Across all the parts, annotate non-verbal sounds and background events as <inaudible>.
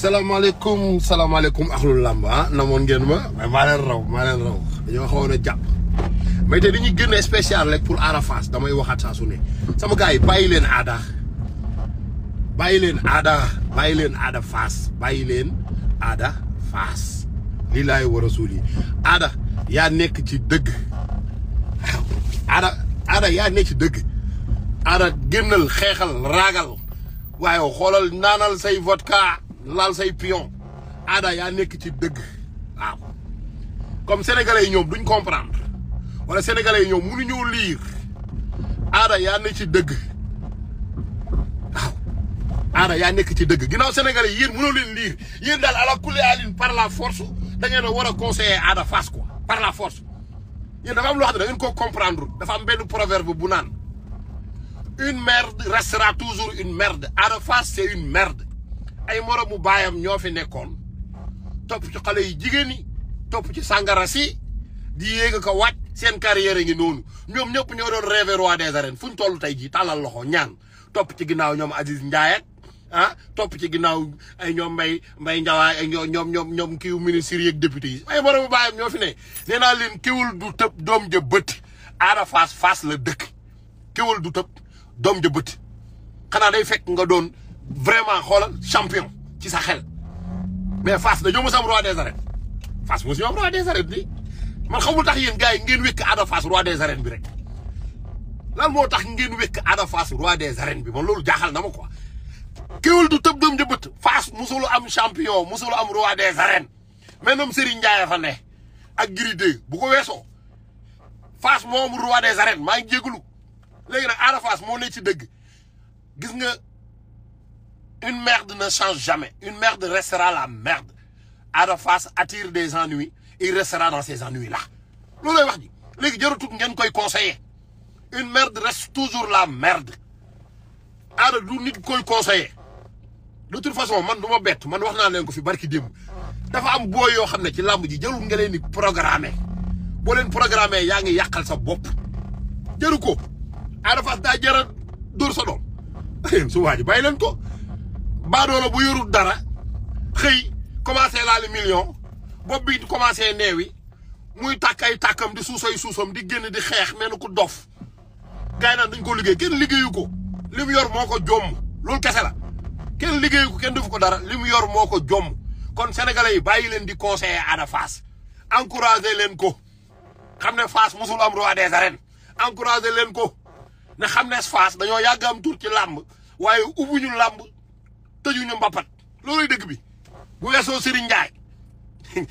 salaamaaleykum salaamaaleykum axlul làmb ah namoon ngeen ma mais maa leen raw maa leen raw dañoo xawoon a jàpp mais te dañuy génne spécial rek pour Ada Fass damay waxaat saa su ne sama gars bàyyi leen Ada bàyyi leen Ada bàyyi leen Ada Fass bàyyi leen Ada Fass lii laay war a suul yi Ada yaa nekk ci dëgg waaw Ada yaa nekk ci dëgg Ada génnal xeexal raagal waaye xoolal naanal say vodka laal say pion aada yaa nekk ci dëgg waaw comme sénégalais yi ñoom duñ comprendre wala sénégalais yi ñoom mënuñu lire aada yaa nekk ci dëgg waaw aada yaa nekk ci dëgg ginnaaw sénégalais yi yéen mënoo leen lire yéen daal ala kulli alin par la force da ngeen a war a conseiller aada face quoi par la force yéen dafa am loo xam ne da ngeen koo comprendre dafa am benn proverbe bu naan une merde restera toujours une merde aada face c'est une merde ay moromu baayam ñoo fi nekkoon topp ci xale yi jigéen ñi topp ci sàngara si di yéeg ko wàcc seen carrière ngi noonu ñoom ñëpp ñoo doon rêvé roi des arènes fu ñu toll tey jii tàllal loxo ñaan topp ci ginnaaw ñoom Aziz Ndiaye ah topp ci ginnaaw ay ñoom mbay mbay njawaay ay ñoom ñoom ñoom kiw ministres yeeg députés yi ay moromu baayam ñoo fi ne nee naa leen kiwul du tëb doom ja bëtt aada fas faas la dëkk kiwul du tëb doom ja bëtt day fekk nga doon vraiment xoolal champion ci sa xel mais Fass dañoo mos am roi des arènes Fass mos ñoo am roi des arènes bi man xamul tax yéen gars yi ngeen wékk Ada Fass roi des arènes bi rek lan moo tax ngeen wékk Ada Fass des arènes bi man loolu jaxal na ma ko kéwél du tëb dëm jëbët Fass mosul am champion mosul am roi des arènes mais ñoom Serigne Ndiaye fa fane ak Gris bu ko weesoo Fass moo am roi des ma maa ngi jégalu léegi nag Ada Fass moo ne ci dëgg gis nga. une merde na change jamais une merde restera la merde Ada Fass attire des ennuis il restera dans ces ennuis là loolu lay wax ji léegi jërëtul ngeen koy conseiller une merde reste toujours la merde Ada du nit koy conseiller de toute façon man du ma bett man wax naa leen ko fi barki démb dafa am boo yoo xam ne ci làmb ji jarul nga leen di programmer boo leen programmer yaa ngi yàqal sa bopp jëru ko Ada Fass daa jëra dóor sa doom <laughs> su waa ji bàyyi ko baadoola bu yorul dara xëy commencé laali million bopp bi commencé neewi muy tàkk ay tàkkam di suusay suusam di génn di xeex mel ni ku dof gars yi naan dañ ko liggéey kenn liggéeyu ko li yor moo ko jomm loolu kese la kenn liggéeyu ko kenn defu ko dara li yor moo ko jomm kon sénégalais yi bàyyi leen di conseiller Ada Fass encouragé leen ko xam ne Fass musul am roi des arènes leen ko ne xam ne Fass dañoo yàgg am tur ci làmb waaye ubbuñu làmb tëjuñu mbappat looluy dëgg bi bu weesoo Serigne Ndiaye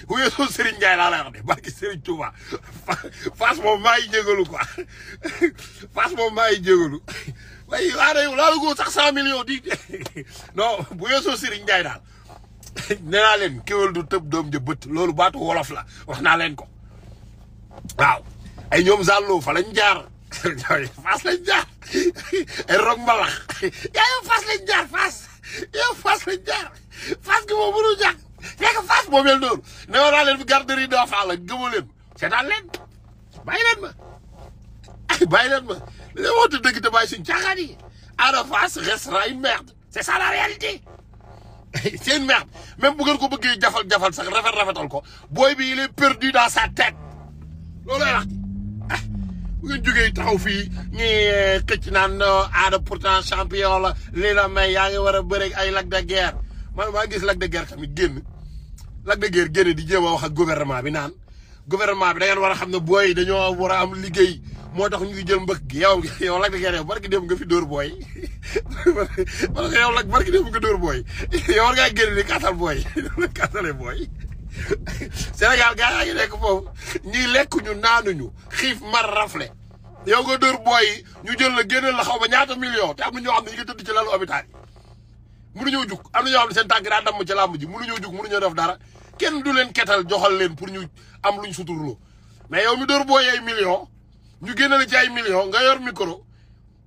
<laughs> bu weesoo Serigne Ndiaye laa lay wax de barki Serigne Touba Fass moom maa ngi jégalu quoi <laughs> Fass moom maa ngi jégalu <laughs> waaye waane ko sax cent millions di non bu weesoo Serigne Ndiaye daal nee naa leen kéwél du tëb doom ja bët loolu baatu wolof la wax naa leen ko waaw ay ñoom zàlloo fa lañ jaar faas lañ jaar ay rog mbalax yaayo faas lañ jaar faas yow fas lañ jaar fas gi moom mënul jàkk fekk fas moo mel noonu ne war naa leen fi garderie doo faa la gëmoo leen seetaan leen bàyyi leen ma ay <laughs> leen ma dañoo woote dëgg te bàyyi suñ caaxaan yi Ada Fass restera une merde c'est ça la réalité <laughs> c'est une merde même bu ngeen ko bëggee jafal-jafal sax rafet rafetal ko booy bi il est perdu sa tête loolu lay wax bu ngeen jógee taxaw fii ñuy eh, këcc naan eh, aada pourtant champion la lii la may yaa war a bëre ay Lac de Guiers man maa gis Lac de Guiers tamit génn Lac de Guiers génn di jéem a wax gouvernement bi naan gouvernement bi da ngeen war a xam ne booy dañoo war a am liggéey moo tax ñu ngi jël mbëkk gi yow yow Lac de Guiers yow barki dem nga fi dóor booy <laughs> parce que yow Lac barki nga dóor booy <laughs> yow war génn di kaatal booy <laughs> Sénégal gaa yaa ngi nekk foofu ñii lekkuñu naanuñu xiif mar rafle yow nga dóor booy yi ñu jël la génneel la xaw ma ñaata million te am na ñoo xam ne ñu ngi tëdd ci lalu hôpital yi mënuñoo jug am na ñoo xam ne seen tànk daa damm ci làmb ji mënuñoo jug mënuñoo def dara kenn du leen ketal joxal leen pour ñu am luñ suturloo mais yow mi dóor booy ay million ñu génne la ci ay million nga yor micro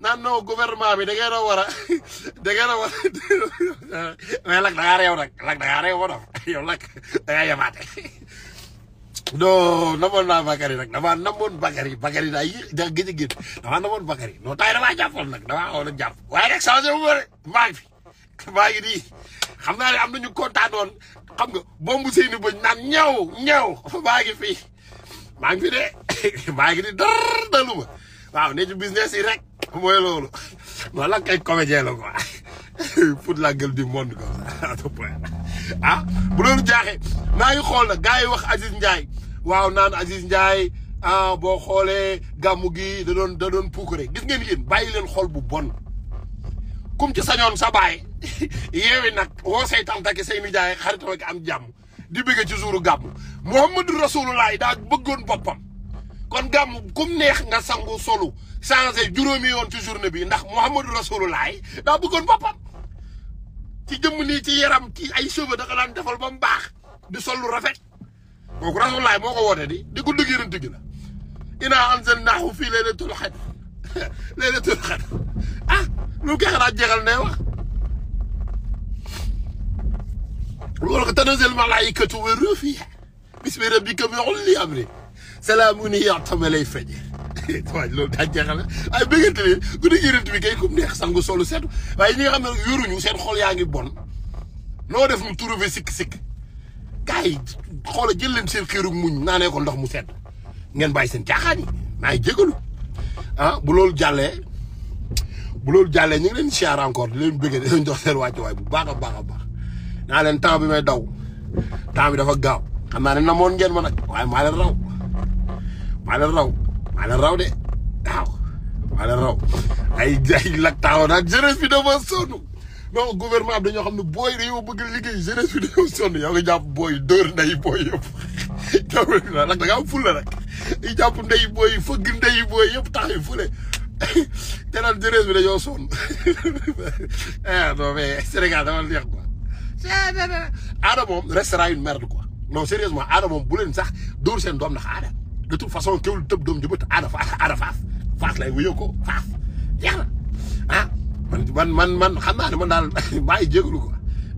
naan non gouvernement bi da ngeen a war a <laughs> da ngeen a war a <laughs> mais lak da ngaa réew nag lak da ngaa réew woon <laughs> yow lak da ngaa yemaate non namoon naa Bakary nag damaa namoon Bakary Bakary daa yéex da gëj a génn damaa namoon Bakary non tay damaa jàppoon nag damaa woon a jàpp waaye nag changé wu ma de maa ngi fi maa ngi nii xam naa ne am nañu kontaan woon xam nga bombu seeni bëñ naan ñëw ñëw maa ngi fi maa ngi fi de maa ngi di dar daluma waaw ne ci business yi rek mooy loolu ma lakk ay comédien la quoi pour <laughs> la gueule du monde quoi <laughs> ah bu jaaxe jaaxee naa ngi xool nag gars yi wax Aziz Ndiaye waaw naan Aziz Ndiaye a ah, boo xoolee gàmmu gi da doon da doon puukare gis ngeen yéen bàyyi leen xool bu bon kum ci sañoon sa baay <laughs> yeewi nag woo say tantaki say nijaay xaritam ak am jàmm di bëgg ci suuru gàmm Muhammadu Rasulullah daa bëggoon boppam kon gàmm kum neex nga sangu solu changé juróomi yoon ci journée bi ndax Mouhamadou Rasulullah daa bëggoon boppam ci jëmm nii ci yaram ci ay cheveux da ko daan defal ba baax di sol lu rafet kooku Rasulullah moo ko woote di di guddi gi rënd gi la. innaa anzalnaahu fii laylatul qadr <laughs> laylatul qadr ah lu geex naa jeexal ne wax loolu ko tanazzalul malaa'ikatu war-ruuh fiihaa bismi rabbihim min kulli amrin salaamun hiya hattaa matla'il fajr <laughs> waaye loolu daa jeexal na ay bëggante ne guddi yërënt bi kay comme neex sangu solu seetu waaye ñi nga xam ne yoruñu seen xol yaa ngi bon noo def ñu trouvé sikk-sikk gars yi xoola jël leen seen xéerug muñ naanee ko ndox mu sedd ngeen bàyyi seen caaxaan yi naa ngi jégalu ah bu loolu jàllee bu loolu jàllee ñu ngi leen siyaar encore di leen bëggee di leen jox seen wàccuwaay bu baax a baax a baax naa leen temps bi may daw temps bi dafa gaaw xam naa ne namoon ngeen ma nag waaye maa leen raw maa leen raw maa leen raw de waaw ay ay laktaaw naan jeunesse bi dafa sonn non gouvernement bi dañoo xam ne booy dañoo bëgg liggéey jeunesse bi dañoo sonn yow nga jàpp booy dóor nday booy yëpp <laughs> jàpp da ngaa am ful nday booy fëgg nday booy yëpp tax yi fule <laughs> te naan jeunesse bi dañoo sonn ah <laughs> non mais Sénégal dama sérieusement aada moom bu leen sax doom ndax aada de toute façon teewul tëb doom ju bët aada faas aada faas faas lay wuyoo ko faas jeex na ah man man man xam naa ne man daal <laughs> maa ngi jégalu ko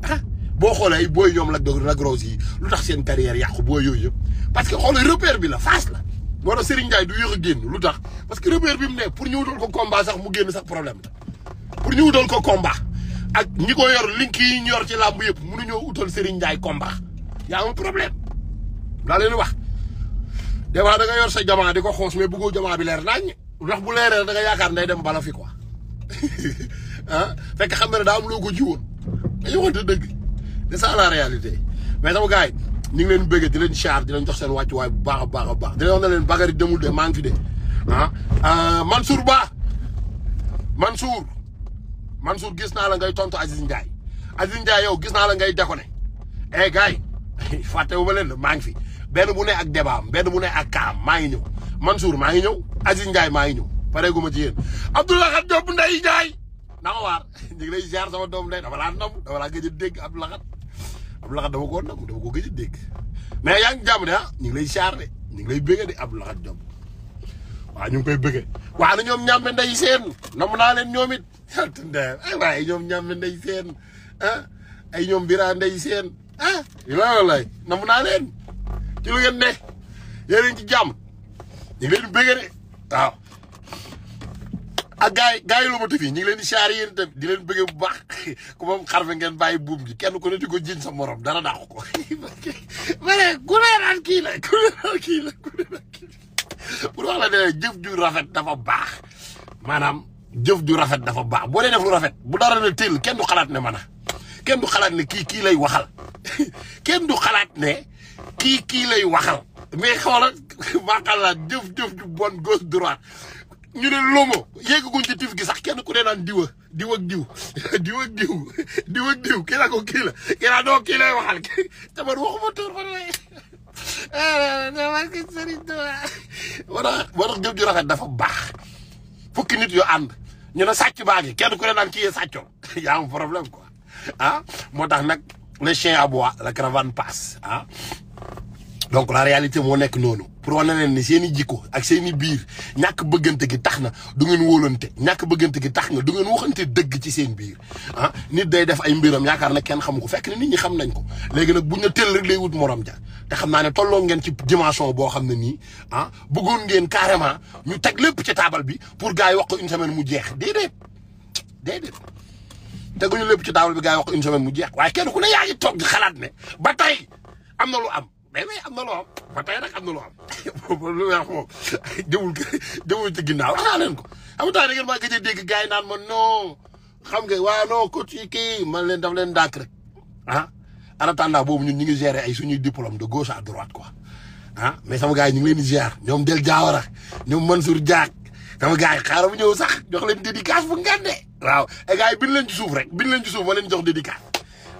ah boo xoolee ay booy ñoom la la gros yi lu tax seen carrière yàqu booy yooyu yëpp parce que xoolal repère bi la faas la. moo tax Serigne Ndiaye du yéex a génn lu tax parce que repère bi mu ne pour ñu wutal ko combat sax mu génn sax problème la pour ñu wutal ko combat ak ñi ko yor link yi ñu yor ci làmb yëpp mënuñoo utal Serigne Ndiaye combat y a un problème daa leen wax. de fois da yor sa jamaa di ko xoos mais bëggoo jamaa bi leer naññ ndax bu leeree da nga yaakaar nday dem bala fi quoi <laughs> ah fekk xam nga ne daa am loo ko jiwoon dañoo dëgg c'est réalité mais sama gars yi ñu ngi leen bëgg di leen char di leen jox seen wàccuwaay bu baax a baax a baax di leen wax na leen Bakary demul de maa man fi de ah euh, Mansour Ba Mansour Mansour gis naa la ngay tontu Aziz Ndiaye Aziz Ndiaye yow gis naa la ngay déconné eh gars yi <laughs> fàttewu ma leen de maa ngi fi benn bu ne ak débaam benn bu ne ak kaam maa ngi ñëw Mansour maa ngi ñëw Aziz Ndiaye maa ngi ñëw pareegu ma ci yéen Abdoulaye Khat Diop Ndeye Ndiaye na ma waar <laughs> ñu ngi lay ziar sama doom ndey dama laa nam dama laa gëj a dégg Abdoulaye Khat Abdoulaye Khat dama ko nam dama ko gëj a dégg mais yaa ngi jàmm de ah ñu ngi lay ziar de ñu ngi lay bëgg de Abdoulaye Khat Diop waaw ñu ngi koy bëggee waaw na ñoom ñàmbe ndey seen namu naa leen ñoom it <laughs> ay waaye ñoom ñàmbe ndey seen ah ay ñoom biraa ndey seen ah la lay namu naa leen ci ngeen ne yéen ci jàmm ñu ngi leen di bëgg de waaw ak gaay gaay lu ma tëfi ñu ngi leen di siyaar yéen itam di leen bëggee bu baax <laughs> ku moom xarfe ngeen bàyyi buum ji kenn ku ne di ko jiñ sa morom dara dàqu ko <laughs> ma kii la ku kii la ku ne naan kii jëf ju rafet dafa baax maanaam jëf ju rafet dafa baax boo dee def lu rafet bu dara ne teel kenn du xalaat ne mën a kenn du xalaat ne kii kii lay waxal <laughs> kenn du xalaat ne kii kii lay waxal mais xoolal <laughs> maaqalla jëf jëf du bon gauche droite ñu ne lomo yéegaguñ ci tif gi sax kenn ku ne naan diwa diw jiw <laughs> diw diw ak diw kii la ko kii la kii la doo kii lay waxal tabar waxuma tur fan lay damarki sëriñ Tuubaa moo tax moo tax jëf ju rafet dafa baax fukki nit yu ànd ñu ne sàcc baa ngi kenn ku ne naan kii yee sàccoo yaa am ah moo tax nag le chien aboie la caravane passe ah donc la réalité moo nekk noonu pour wane leen ni seeni jikko ak seeni i biir ñàkk bëggante gi tax na du ngeen wóolante ñàkk bëggante gi tax na du ngeen waxante dëgg ci seen biir ah nit day def ay mbiram yaakaar na kenn xamu ko fekk ni nit ñi xam nañ ko léegi nag bu na teel rek lay wut morom ja te xam naa ne tolloo ngeen ci dimension boo xam ne nii ah bëggoon ngeen carrément ñu teg lépp ci taabal bi pour gars yi wax ko une semaine mu jeex déedéet déedéet teguñu lépp ci taabal bi gars yi wax ko une semaine mu jeex waaye kenn ku ne yaa ngi toog di xalaat ne ba tey am na lu am mais mais am na lu am ba tey nag am na lu am <laughs> boobu lu wax moom <laughs> jëmul ci ginnaaw wax leen ko xam taa da ngeen maa gëj a dégg gars yi naan ma non xam nga waaw non ko ci kii man leen daf leen ndànk rek ah en attendant boobu ñun ñu ngi gérer ay suñuy diplôme de gauche à droite quoi ah mais sama gars yi ñu ngi leen di gérer ñoom Del Diawara ñoom Mansour Diak sama gars yi xaaral mu ñëw sax jox leen dédicace bu ngande waaw et eh, gars yi bind leen ci suuf rek bind leen ci suuf ma leen di dédicace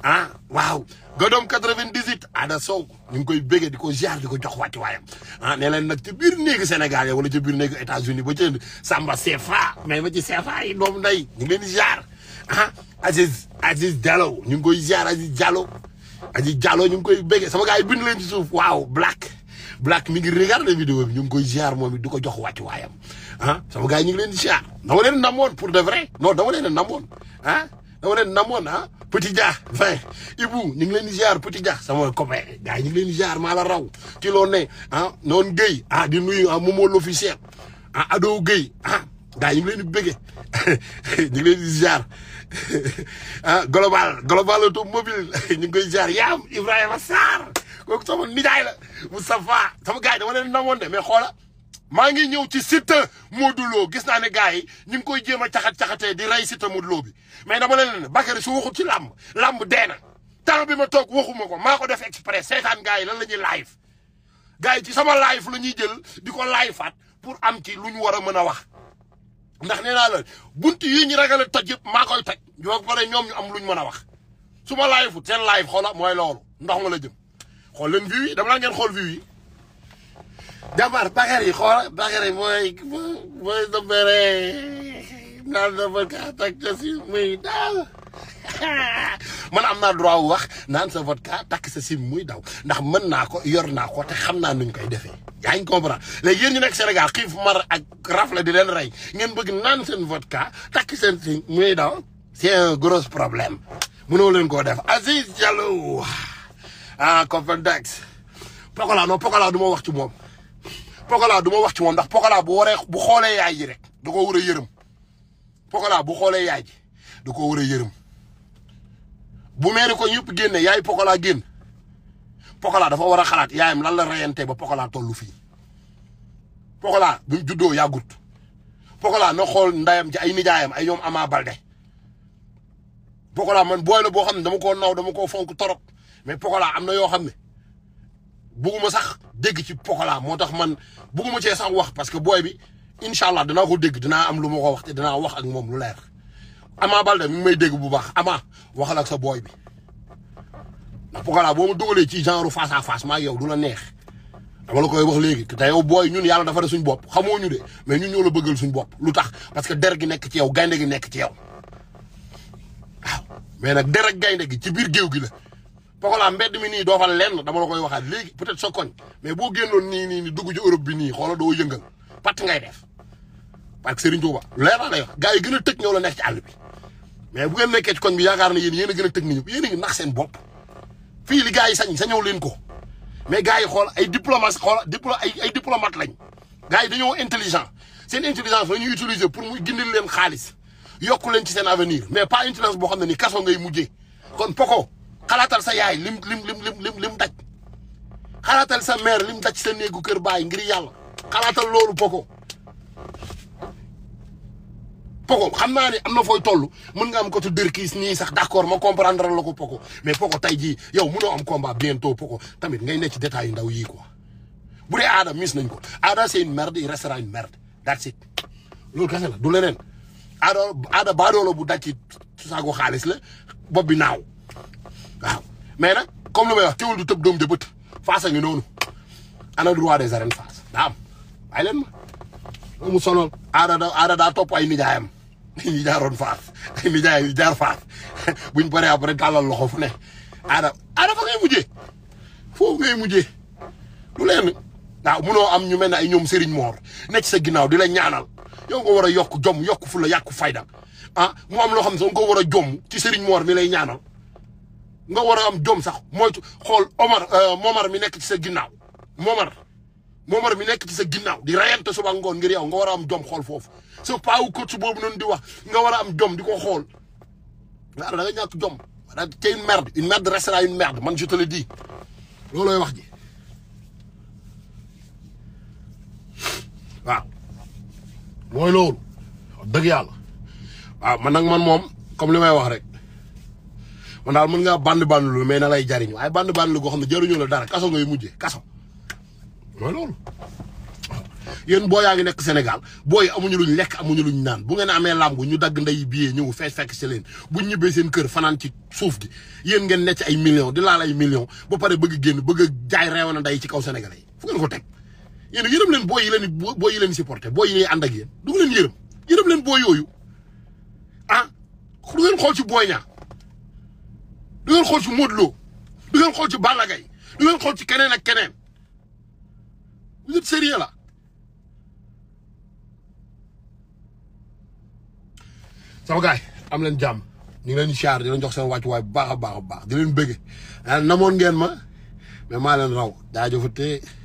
ah waaw Godoom 98 Ada Sow ñu ngi koy béggee di ko ziar di ko jox wàcc waayam ah nee nag ci biir néegu Sénégal ya wala ci biir néegu États-Unis ba ci Samba CFA mais ba ci CFA yi doomu nday ñu ngi leen ziar ah Aziz Aziz ñu ngi koy ziar Aziz Diallo Aziz Diallo ñu ngi koy béggee sama gars yi bind leen ci suuf waaw black Black mi ngi regarder vidéo bi ñu ngi koy ziar moom it du ko jox wàccuwaayam ah sama gars yi ñu ngi leen di ziar dama leen namoon pour de vrai non dama leen namoon ah dama leen namoon ah Petit Dia 20 ñu ngi leen di ziar Petit Dia sama copain gars yi ñu ngi leen di ziar maa raw ci loo ne ah noonu Guèye ah di nuyu ah Momo l'officiel ah Ado Guèye ah gars yi ñu ngi leen di bëggee <laughs> ñu ngi leen di ziar <laughs> ah global global automobile <laughs> ñu ngi koy ziar yaam Ibrahima Sarr kooku sama nijaay la Moustapha sama gars yi dama leen namoon de mais xoola maa ngi ñëw ci Siteu Modou Lo gis naa ne gars yi ñu ngi koy jéem a caxat-caxatee di rey Siteu Modou Lo bi mais dama leen ne Bakary su waxul ci làmb làmb dee na temps bi ma toog waxuma ko maa ko def exprès seetaan gars yi lan la ñuy live gars yi ci sama live la ñuy jël di ko liveaat pour am ci lu ñu war a mën a wax ndax nee naa la bunt yi ñu ragal a toj yëpp maa koy toj yoo pare ñoom ñu am lu mën a wax su ma live seen live xoola mooy loolu ndox ma la jëm xool leen view yi dama ngeen xool view yi jàmbaar paxeer yi xool paxeer mooy mooy dëmbere naan sama vodka takk sa muy daw <laughs> man am naa droit wax naan sa vodka takk sa sim muy daw ndax mën naa ko yor naa ko te xam naa nuñ koy defee yaa ngi comprendre léegi yéen ñu nekk Sénégal xiif mar ak rafle leen rey ngeen bëgg naan seen vodka takk seen sim muy daw c'est un gros problème mënoo leen koo def Aziz Diallo ah Cope 20 Pokola non Pokola du ma wax ci moom Pokola du ma wax ci moom ndax Pokola bu waree bu xoolee yaay ji da koo war a yërëm Pokola bu xoolee yaay ji da koo war a yërëm bu meeri ko ñëpp génne yay Pokola génn Pokola dafa war a xalaat yaayam lan la reyantee ba Pokola tollu fii Pokola bi mu juddoo yàggut Pokola na xool ndayam ci ay nijaayam ay ñoom Ama Balde Pokola man booy la boo xam ne dama koo naw dama koo fonk torop mais Pokola am na yoo xam ne bugguma sax dégg ci pokolaa moo tax man bugguma cee sax wax parce que booy bi incha allah danaa ko dégg dinaa am lu ma ko wax te dinaa wax ak moom lu leer. Ama Balde mi may dégg bu baax Ama waxal ak sa booy bi ndax Pokola boo ma dugalee ci genre face à face maa yow du la neex dama la koy wax léegi te yow booy ñun yàlla dafa def suñ bopp xamoo ñu de mais ñun ñoo la bëggal suñ bopp lu tax parce que der gi nekk ci yow gaynde gi nekk ci yow waaw nag der gaynde gi ci biir géew gi la. poxolaa mbedd mi nii doo fa lenn dama la koy waxaat léegi peut-être sa koñ mais boo génnoon nii nii ni dugg ci Europe bi nii xoola doo yëngal patt ngay def parce que Serigne Touba leer naa gën a tëj ñoo la nekk ci àll mais bu ngeen nekkee ci koñ bi yaakaar na yéen yéen a gën a tëj nit ñi yéen a ngi nax seen bopp fii li sañ sañoo leen ko mais gars yi xool ay diplomate xool ay ay diplomate lañ gars yi dañoo intelligent seen intelligence la ñuy utiliser pour mu gindil leen xaalis yokku leen ci seen avenir mais pas boo xam ne ni kaso ngay mujjee kon poko xalaatal sa yaay lim lim lim lim lim daj xalaatal sa mère lim daj sa néegu kër baay ngir yàlla xalaatal loolu poko poko xam naa ne am na fooy toll mën nga am ko tu dërkiis nii sax d'accord ma comprendre la ko poko mais poko tey jii yow mënoo am combat bientôt poko tamit ngay nekk ci yu ndaw yii quoi bu dee aada mis nañ ko aada c'est une merde il restera une merde that's loolu kese du leneen aada aada bu daj ci saago xaalis la bopp bi naaw mais nag comme lu may wax teewul du tëb doom de bët faasa ngi noonu ana roi des arènes faas daa am bàyyi ma mu sonal aada daa topp ay nijaayam <laughs> ñu jaaroon faas ay <laughs> nijaay jaar faas <laughs> buñ paree après tàllal loxo fu ne aada aada fa ngay mujjee foofu ngay munoo am ñu mel ne ay ñoom Serigne Mor nekk sa ginnaaw di la ñaanal yow nga war a yokk jom yokk fu la yàqu fayda ah mu am loo xam ne soo ko war a jom ci Serigne Mor mi lay ñaanal nga war a am jom sax moytu xool Omar euh, Momar mi nekk ci sa ginnaaw Momar Momar mi nekk ci sa ginnaaw di rayante suba ngoon ngir yaw nga war a am jom xool foofu sa paawu coach boobu noonu di wax nga war a am jom di ko xool waaw la la ñàkk jom da c'est une merde une merde restera une merde man je te le dis loolooy wax ji waaw mooy loolu dëgg yàlla waaw man nag man moom comme li may wax rek man daal mën ngaa band band lu mais na lay jariñ waaye band band lu goo xam ne jariñoo la dara kaso ngay mujjee kaso mooy loolu. yéen boo yaa ngi nekk senegal booy amuñu luñ lekk amuñu luñ naan bu ngeen amee làmbu ñu dagg ndey biyee ñëw fekk fekk si leen bu ñibbee seen kër fanaan ci suuf gi yéen ngeen nekk ay millions di laal ay million ba pare bëgg génn bëgg a jaay reewana ndey ci kaw sénégalais yi fu ngeen ko teg. yéen yërëm leen booy yi leen booy yi leen supporté booy yi ànd ak yéen du leen yërëm yërëm leen booy yooyu ah du ngeen ci booy ñaa du ngeen xool ci Modou Lo du ngeen xool ci Balla Gaye du ngeen xool ci keneen ak keneen vous êtes sérieux là am leen jàmm ñu ngi leen di siyaar di leen jox seen wàccuwaay bu baax a baax a baax di leen bëgge namoon ngeen ma mais maa raw daa jëfate